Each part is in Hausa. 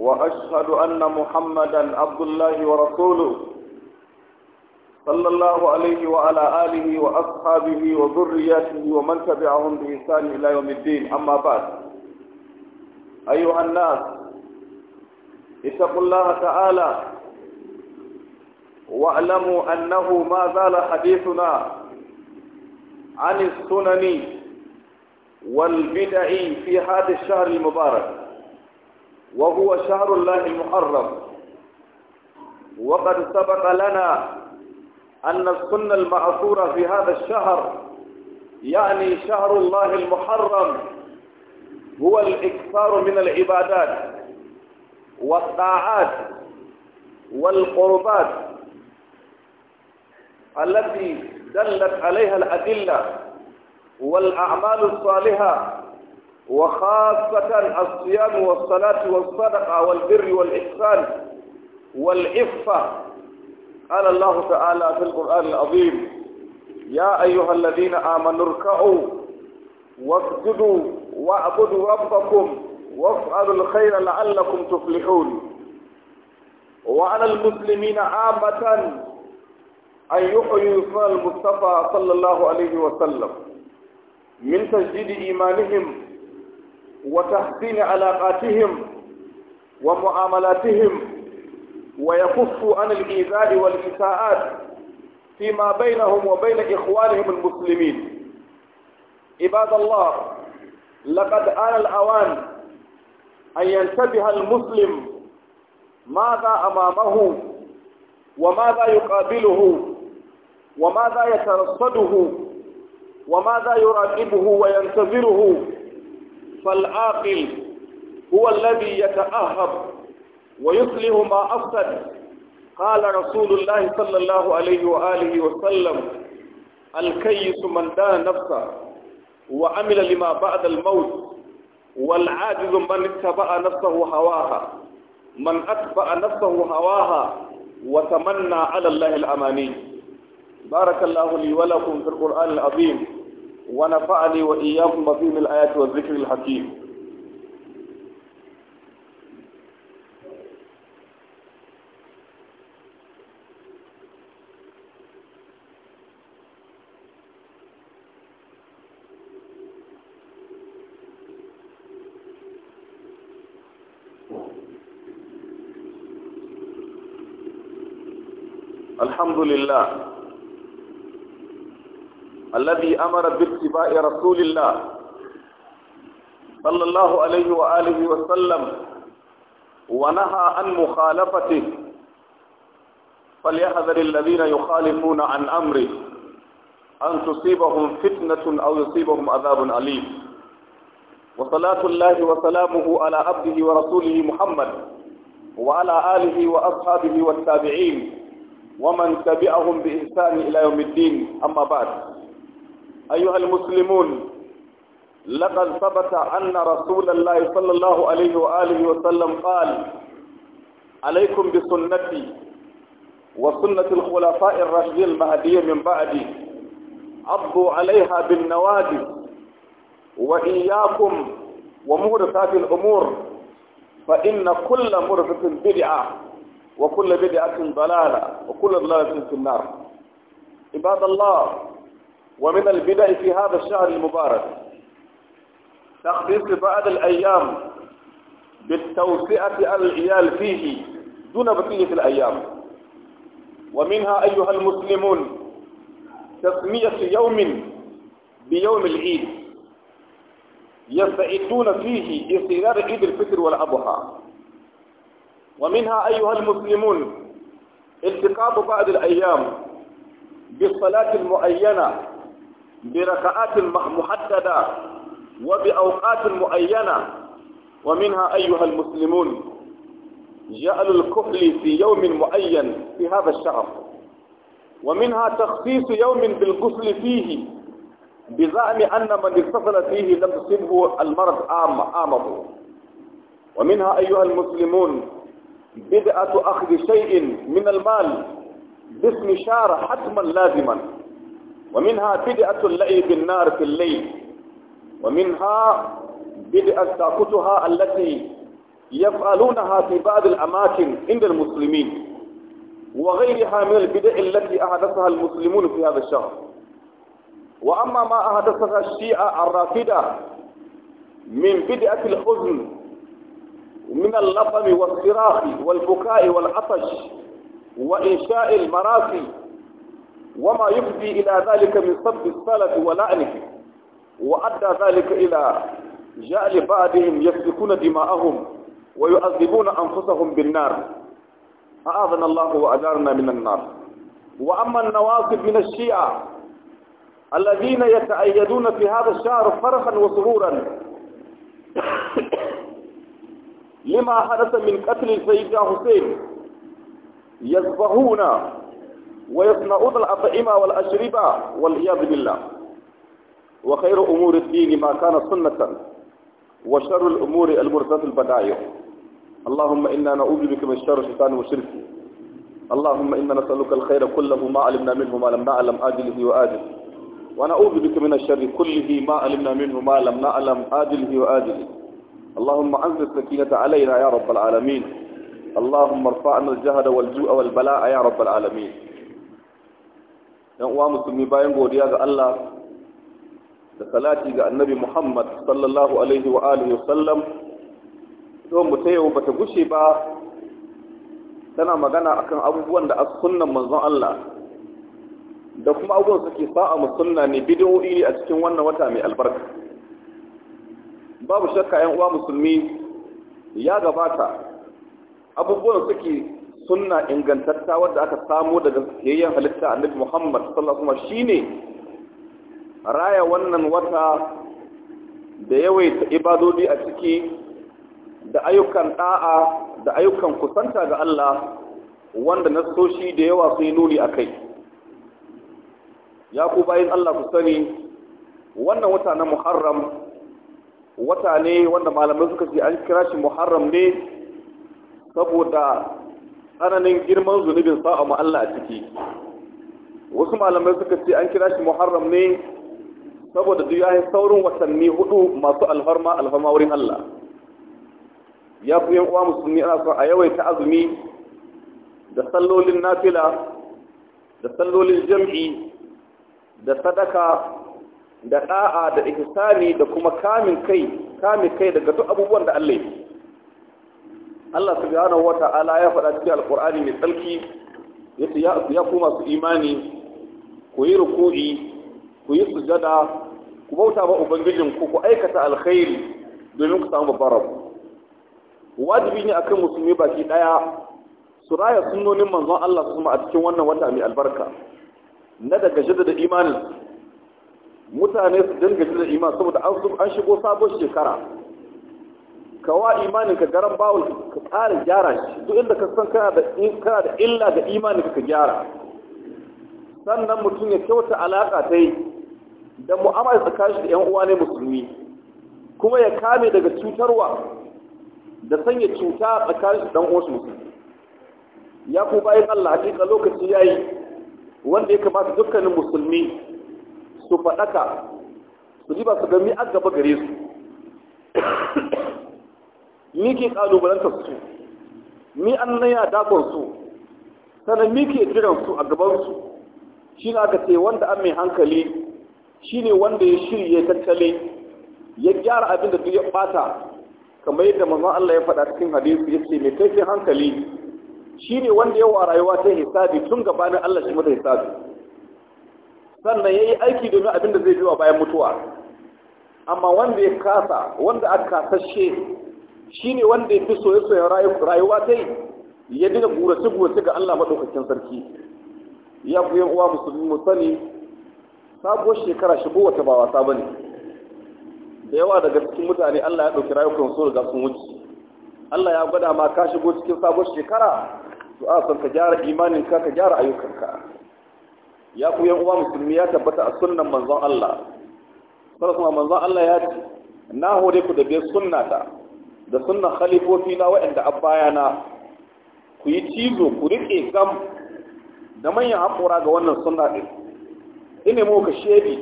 وأشهد أن محمدا عبد الله ورسوله صلى الله عليه وعلى آله وأصحابه وذرياته ومن تبعهم بإحسان إلى يوم الدين أما بعد أيها الناس اتقوا الله تعالى واعلموا أنه ما زال حديثنا عن السنن والبدع في هذا الشهر المبارك وهو شهر الله المحرم وقد سبق لنا أن السنة المأثورة في هذا الشهر يعني شهر الله المحرم هو الإكثار من العبادات والطاعات والقربات التي دلت عليها الأدلة والأعمال الصالحة وخاصة الصيام والصلاة والصدقة والبر والإحسان والعفة قال الله تعالى في القرآن العظيم يا أيها الذين آمنوا اركعوا واسجدوا واعبدوا ربكم وافعلوا الخير لعلكم تفلحون وعلى المسلمين عامة أن يحيوا سنة المصطفى صلى الله عليه وسلم من تجديد إيمانهم وتحسين علاقاتهم ومعاملاتهم ويكف عن الإيذاء والإساءات فيما بينهم وبين إخوانهم المسلمين عباد الله لقد آن الأوان أن ينتبه المسلم ماذا أمامه وماذا يقابله وماذا يترصده وماذا يراقبه وينتظره فالعاقل هو الذي يتأهب ويصلح ما أفسد قال رسول الله صلى الله عليه وآله وسلم الكيس من دان نفسه وعمل لما بعد الموت والعاجز من اتبع نفسه هواها من أتبع نفسه هواها وتمنى على الله الأماني بارك الله لي ولكم في القرآن العظيم ونفعني وإياكم بفهم الآيات والذكر الحكيم الحمد لله الذي أمر باتباع رسول الله صلى الله عليه وآله وسلم ونهى عن مخالفته فليحذر الذين يخالفون عن أمره أن تصيبهم فتنة أو يصيبهم عذاب أليم وصلاة الله وسلامه على عبده ورسوله محمد وعلى آله وأصحابه والتابعين ومن تبعهم بإحسان إلى يوم الدين أما بعد أيها المسلمون لقد ثبت أن رسول الله صلى الله عليه وآله وسلم قال عليكم بسنتي وسنة الخلفاء الراشدين المهديين من بعدي عضوا عليها بالنوادي وإياكم ومورثات الأمور فإن كل مهرفة بدعة وكل بدعة ضلالة وكل ضلالة في النار عباد الله ومن البدع في هذا الشهر المبارك تخصيص بعض الأيام بالتوسئة على العيال فيه دون بقية في الأيام ومنها أيها المسلمون تسمية يوم بيوم العيد يستعدون فيه استعداد عيد الفطر والأضحى ومنها أيها المسلمون التقاط بعض الأيام بالصلاة المعينة بركعات محددة وبأوقات معينة ومنها أيها المسلمون جعل الكحل في يوم معين في هذا الشهر ومنها تخصيص يوم بالغسل فيه بزعم أن من اغتسل فيه لم تصبه المرض عام عامه ومنها أيها المسلمون بدعة أخذ شيء من المال باسم شارة حتما لازما ومنها بدعة اللئي بالنار في الليل ومنها بدعة ساقطها التي يفعلونها في بعض الأماكن عند المسلمين وغيرها من البدع التي أحدثها المسلمون في هذا الشهر وأما ما أحدثها الشيعة الرافدة من بدعة الحزن من اللطم والصراخ والبكاء والعطش وإنشاء المراسي وما يفضي إلى ذلك من سب السلف ولعنه وأدى ذلك إلى جعل بعضهم يسفكون دماءهم ويعذبون أنفسهم بالنار أعاذنا الله وأجارنا من النار وأما النواصب من الشيعة الذين يتأيدون في هذا الشهر فرحا وسرورا لما حدث من قتل سيدنا حسين يذبحون ويصنعون الأطعمة والأشربة والعياذ بالله وخير أمور الدين ما كان سنة وشر الأمور المرتدة البدايع اللهم إنا نعوذ بك من شر الشيطان وشركه اللهم إنا نسألك الخير كله ما علمنا منه ما لم نعلم آجله وآجله ونعوذ بك من الشر كله ما علمنا منه ما لم نعلم آجله وآجله اللهم أنزل السكينة علينا يا رب العالمين اللهم ارفعنا الجهد والجوع والبلاء يا رب العالمين yan uwa musulmi bayan godiya ga Allah da salati ga annabi Muhammad sallallahu alaihi wa alihi wasallam don mu yau bata gushe ba tana magana akan abubuwan da as sunnan manzon Allah da kuma abubuwan suke sa'a mu sunna ne bid'o'i ne a cikin wannan wata mai albarka babu shakka yan uwa musulmi ya gabata abubuwan suke sunna ingantatta wadda aka samo daga yayyan halitta annabi Muhammad sallallahu alaihi wasallam shine raya wannan wata da yawaita ibadodi a ciki da ayyukan da'a da ayyukan kusanta ga Allah wanda nasoshi da yawa sun yi nuni akai ya ku bayin Allah ku sani wannan wata na Muharram wata ne wanda malamai suka ce an kira shi Muharram ne saboda tsananin girman zunubin sa'a ma Allah a ciki wasu malamai suka ce an kira shi muharram ne saboda duk yayin saurin watanni hudu masu alfarma alfarma wurin Allah ya fi yan uwa musulmi ana son a yawaita azumi da sallolin nafila da sallolin jam'i da sadaka da da'a da ihsani da kuma kamin kai kamin kai daga duk abubuwan da Allah ya Allah subhanahu wa ta'ala ya faɗa cikin alƙur'ani mai tsarki yace ya ya ku masu imani ku yi ruku'i ku yi sujada ku bauta ba ubangijin ku ku aikata alkhairi domin ku samu babbar rabu wajibi ne akan musulmi baki daya su raya sunnonin manzon Allah su a cikin wannan wata mai albarka na daga jaddada da imanin mutane su dinga jaddada iman saboda an shigo sabon shekara kawa imanin ka garan bawul ka tsara gyara shi duk inda ka san kana da kana da illa ga imanin ka gyara sannan mutum ya kyauta alaka ta yi da mu'amala tsakanin da yan uwa ne musulmi kuma ya kame daga cutarwa da sanya cuta tsakanin da dan uwansu musulmi ya ku bayan Allah hakika lokaci yayi wanda ya kamata dukkanin musulmi su faɗaka su ji ba su gami a gaba gare su mi ke kalubalantar su mi an naya dakon su sannan mi ke jiran su a gaban su shi ne aka ce wanda an mai hankali ne wanda ya shirye tattale ya gyara abin da duk ya bata kamar yadda manzon Allah ya faɗa cikin hadisi yace mai kaifin hankali shi ne wanda ya wa rayuwa ta hisabi tun gabanin Allah shi mata hisabi sannan yayi aiki domin abin da zai biyo bayan mutuwa amma wanda ya kasa wanda aka kasashe shine wanda ya fi soyayya rayuwa ta yi ya dina burace burace ga Allah madaukakin sarki ya fi yan uwa musulmi mu sani sabuwar shekara shigo wata ba wasa ne da yawa daga cikin mutane Allah ya ɗauki rayukan su daga sun wuce Allah ya gwada ma ka shigo cikin sabuwar shekara su a san ka gyara imanin ka ka gyara ayyukanka ya fi yan uwa musulmi ya tabbata a sunan manzon Allah sallallahu manzon Allah ya ce na hore ku da biyar sunnata da sunan khalifofi na waɗanda an bayana ku yi cizo ku riƙe gam da manyan haƙura ga wannan suna ɗin ina mu ka shebi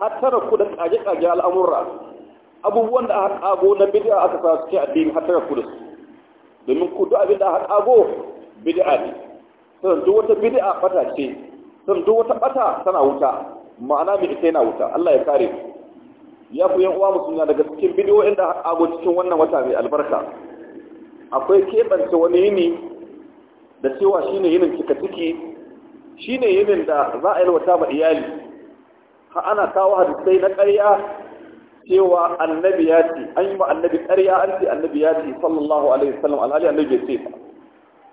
hattara ku da ƙage-ƙage al'amurra abubuwan da aka ƙago na bid'a aka sa suke har hattara ku da su domin ku duk abin da aka ƙago bid'a ne sannan duk wata bid'a ɓata ce sannan duk wata ɓata tana wuta ma'ana mai ita yana wuta Allah ya kare ku ya fi yan uwa musulmi daga cikin bidiyoyin da ago cikin wannan wata mai albarka akwai keɓance wani yini da cewa shine yinin cika ciki shine yinin da za a yalwata ma iyali ha ana kawo hadisai na ƙarya cewa annabi ya ce an yi ma annabi ƙarya an ce annabi ya ce sallallahu alaihi wasallam alhali annabi ya ce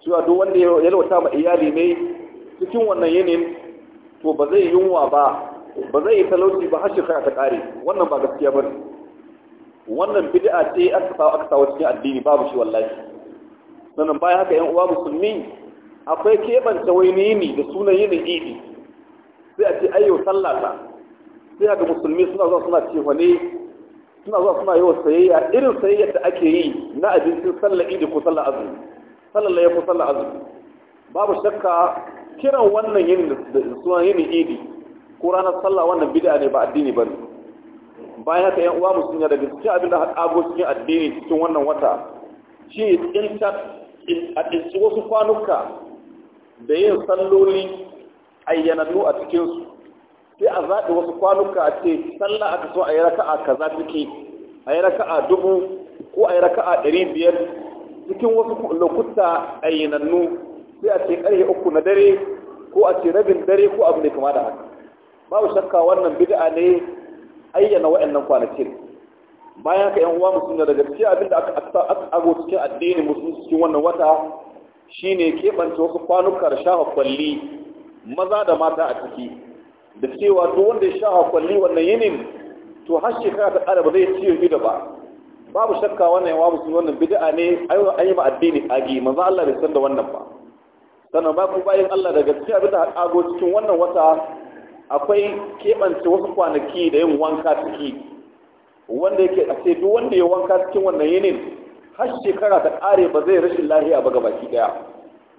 cewa duk wanda ya yalwata ma iyali ne cikin wannan yinin to ba zai yunwa ba ba zai yi talauci ba hashe kai ta kare. wannan ba gaskiya bane wannan bid'a ce aka sa aka sa cikin addini babu shi wallahi sannan bayan haka yan uwa musulmi akwai keɓanta wani ni da sunan yin idi sai a ce ayyo sallata sai ga musulmi suna zuwa suna cewa ne suna zuwa suna wa sayayya irin sayayyar da ake yi na abincin sallar idi ko sallar azumi sallar laye ko sallar azumi babu shakka kiran wannan yin da sunan yin idi ko ranar sallah wannan bid'a ne ba addini ba ne bayan haka yan uwa musulmi daga cikin abin da abu cikin addini cikin wannan wata shi tsinta a tsinci wasu kwanuka da yin salloli ayyanannu a cikinsu sai a zaɓi wasu kwanuka a ce sallah aka so a yi raka'a kaza ciki a yi raka'a dubu ko a yi raka'a ɗari biyar cikin wasu lokuta ayyanannu sai a ce ƙarfe uku na dare ko a ce rabin dare ko abu ne kama da haka babu shakka wannan bid'a ne ayyana wa'annan kwanakin bayan ka yan uwa musulmi daga cikin abin da aka ago cikin addini musulmi cikin wannan wata shine keɓance wasu kwanuka shafa kwalli maza da mata a ciki da cewa duk wanda ya shafa kwalli wannan yinin to har shekara ta ƙara ba zai ciye da ba babu shakka wannan yawa musulmi wannan bid'a ne ayi ma addini tsagi maza Allah bai san da wannan ba sannan ba ku bayin Allah daga cikin abin da aka ago cikin wannan wata akwai keɓance wasu kwanaki da yin wanka ciki wanda yake a ce duk wanda ya wanka cikin wannan yinin har shekara ta ƙare ba zai rashin lahiya ba gabaki daya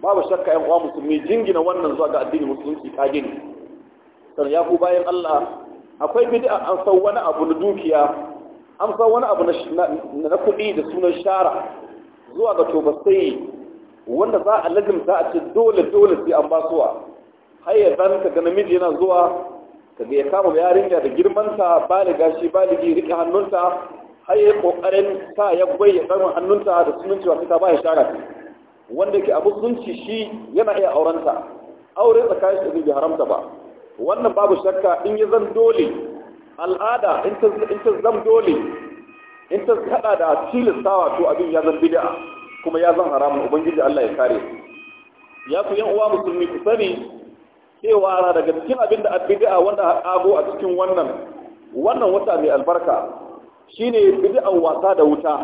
babu shakka yan uwa musulmi jingina wannan zuwa ga addinin musulunci ta gini sannan ya ku bayan Allah akwai bid'a an san wani abu na dukiya an san wani abu na kuɗi da sunan shara zuwa ga tobasai wanda za a lazimta a ce dole dole sai an ba basuwa har ya ga namiji yana zuwa ka ga ya kama yarinya da girmanta baliga shi baligi rike hannunta har ya ƙoƙarin sa ya gwai ya karman hannunta da sunan cewa ta ba ya shara wanda ke abu sunci shi yana iya aurenta aure tsakanin shi bai haramta ba wannan babu shakka in ya zan dole al'ada in ta zan dole in ta hada da tilasta, to abin ya zan bid'a kuma ya zan haramun ubangiji Allah ya kare ya ku yan uwa musulmi ku sani cewa ana daga cikin abin da bid'a wanda ago a cikin wannan wannan wata mai albarka shine bid'an wasa da wuta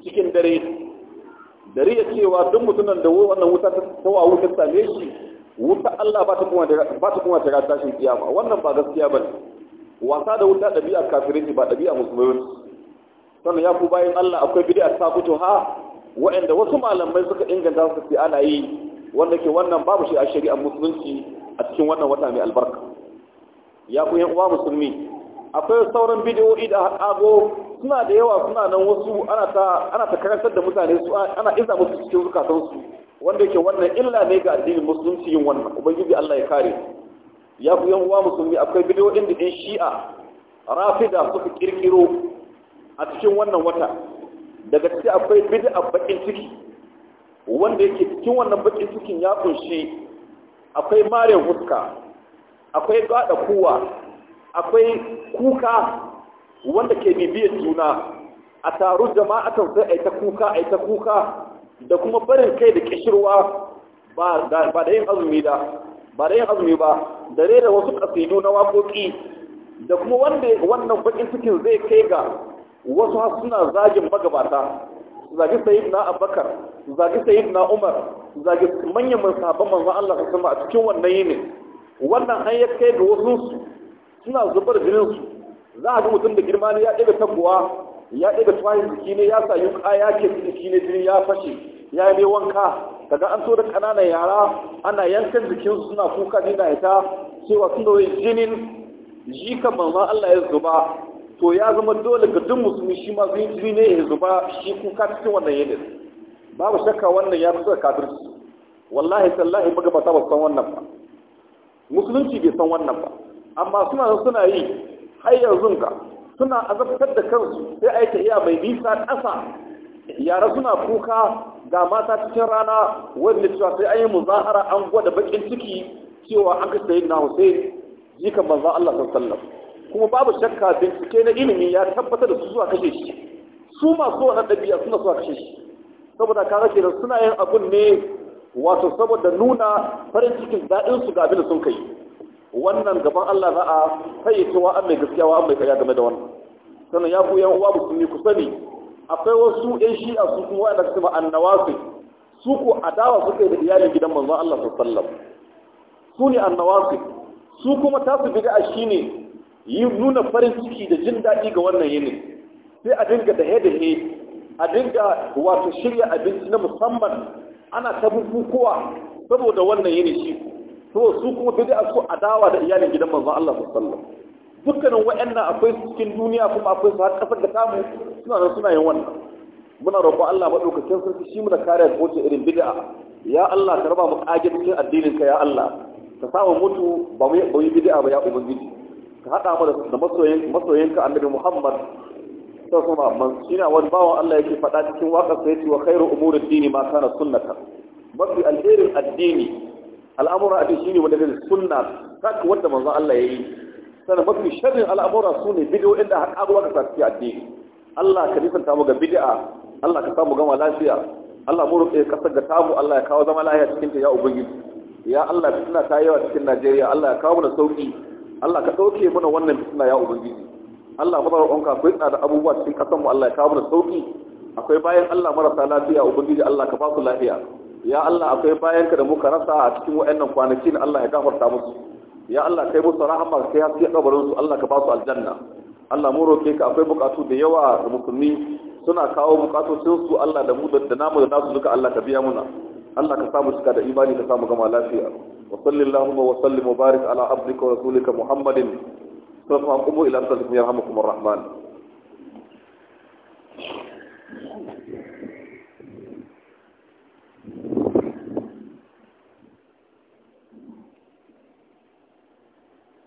cikin dare dare ya cewa duk mutumin da wannan wuta ta wa wuta same shi wuta Allah ba ta kuma ba ta kuma ta tashin kiyama wannan ba gaskiya bane wasa da wuta dabi'a kafirci ba dabi'a musulmi sai ya ku bayan Allah akwai bid'a ta fito ha wa'anda wasu malamai suka inganta su ce ana yi wanda ke wannan babu shi a shari'ar musulunci a cikin wannan wata mai albarka ya ku yan uwa musulmi akwai sauran bidiyoyi da ago suna da yawa suna nan wasu ana ta karantar da mutane su ana iza musu cikin zukatansu wanda yake wannan illa ne ga addinin musulunci yin wannan ubangiji Allah ya kare ya ku yan uwa musulmi akwai bidiyoyin da ɗin shi'a rafida suka kirkiro a cikin wannan wata daga ciki akwai bid'a bakin ciki wanda yake cikin wannan bakin cikin ya kunshi akwai mare huska akwai gada kuwa akwai kuka wanda ke bibiyar juna a taru ta sai a ta kuka a ta kuka da kuma barin kai da kishirwa ba da yin azumi da ba da yin azumi ba da rera wasu kasidu na waƙoƙi da kuma wanda wannan bakin cikin zai kai ga wasu suna zagin magabata zagi sayyidina abubakar zagi sayyidina umar zagi manyan sahabban manzo Allah ka a cikin wannan yini wannan an ya kai ga wasu suna zubar jinin su za a ga mutum da girma ne ya ɗaga taguwa ya ɗaga tsayin jiki ne ya sa yuka ya ke jiki ne jini ya fashe ya yi wanka daga an so da kananan yara ana yankan jikinsu suna kuka ne da ita cewa sun da jinin jikan manzo Allah ya zuba to ya zama dole ga duk musulmi shi ma zai jini ne ya zuba shi kuka cikin wannan yanayi babu shakka wannan ya kusa kafirci wallahi tallahi magabata ba san wannan ba musulunci bai san wannan ba amma suna suna yi har yanzu ka suna azabtar da kansu sai aika iya mai nisa ƙasa yara suna kuka ga mata cikin rana wanda cewa sai an yi muzahara an gwada bakin ciki cewa an kashe na Hussein jikan manzo Allah sallallahu alaihi kuma babu shakka bincike na ilimi ya tabbatar da su zuwa kashe shi su masu wannan ɗabi'a suna zuwa kashe shi saboda ka kaga da suna yin abun ne wato saboda nuna farin cikin daɗin su ga abin da sun kai wannan gaban Allah za a fayyacewa an mai gaskiya wa an mai kariya game da wannan sannan ya ku yan uwa musulmi ku sani akwai wasu yan shi'a su kuma wa'anda su ma annawasi su ko adawa suka yi da iyalin gidan manzon Allah sallallahu alaihi wasallam su ne annawasi su kuma tasu bid'a shine yi nuna farin ciki da jin daɗi ga wannan yinin sai a dinga da he a dinga wato shirya abinci na musamman ana ta bukukuwa saboda wannan yini shi to su kuma bidi a su adawa da iyalin gidan manzon Allah sallu. dukkanin wayannan akwai cikin duniya kuma akwai su har kasar da tamu suna nan suna yin wannan muna roƙo Allah madaukakin sarki shi muna kare ko ce irin bid'a ya Allah ka raba mu kage cikin addinin ka ya Allah ka samu mutu ba mu yi bid'a ba ya ubangiji ka haɗa mu da masoyinka annabi muhammad ta kuma man shine wani bawan Allah yake faɗa cikin waƙar sa yace wa khairu umuri dini ma kana sunnatan mafi alherin addini al'amura addini shine wanda da sunna kaka wanda manzo Allah yayi sannan mafi sharrin al'amura sune bid'o'in da har abuwa ka sa addini Allah ka nisanta mu ga bid'a Allah ka samu gama lafiya Allah mu rufe kasar da tamu Allah ya kawo zama lafiya cikin ta ya ubangiji ya Allah fitina ta yawa cikin Najeriya Allah ya kawo mana sauki Allah ka dauke mana wannan fitina ya ubangiji Allah muna roƙonka akwai tsada abubuwa cikin kasan mu Allah ya kawo mana sauki akwai bayan Allah marasa lafiya ubangiji Allah ka ba su lafiya ya Allah akwai bayan ka da muka rasa a cikin wayannan kwanaki na Allah ya gafarta musu ya Allah kai musu rahama kai haske kabarin su Allah ka ba su aljanna Allah mu roke ka akwai bukatu da yawa da musulmi suna kawo sun su Allah da mu da namu da nasu duka Allah ka biya muna Allah ka samu shiga da imani ka samu gama lafiya وصل اللهم وسلم وبارك على عبدك ورسولك محمد صلى الله عليه وسلم إلى أرسلكم يرحمكم الرحمن Thank you.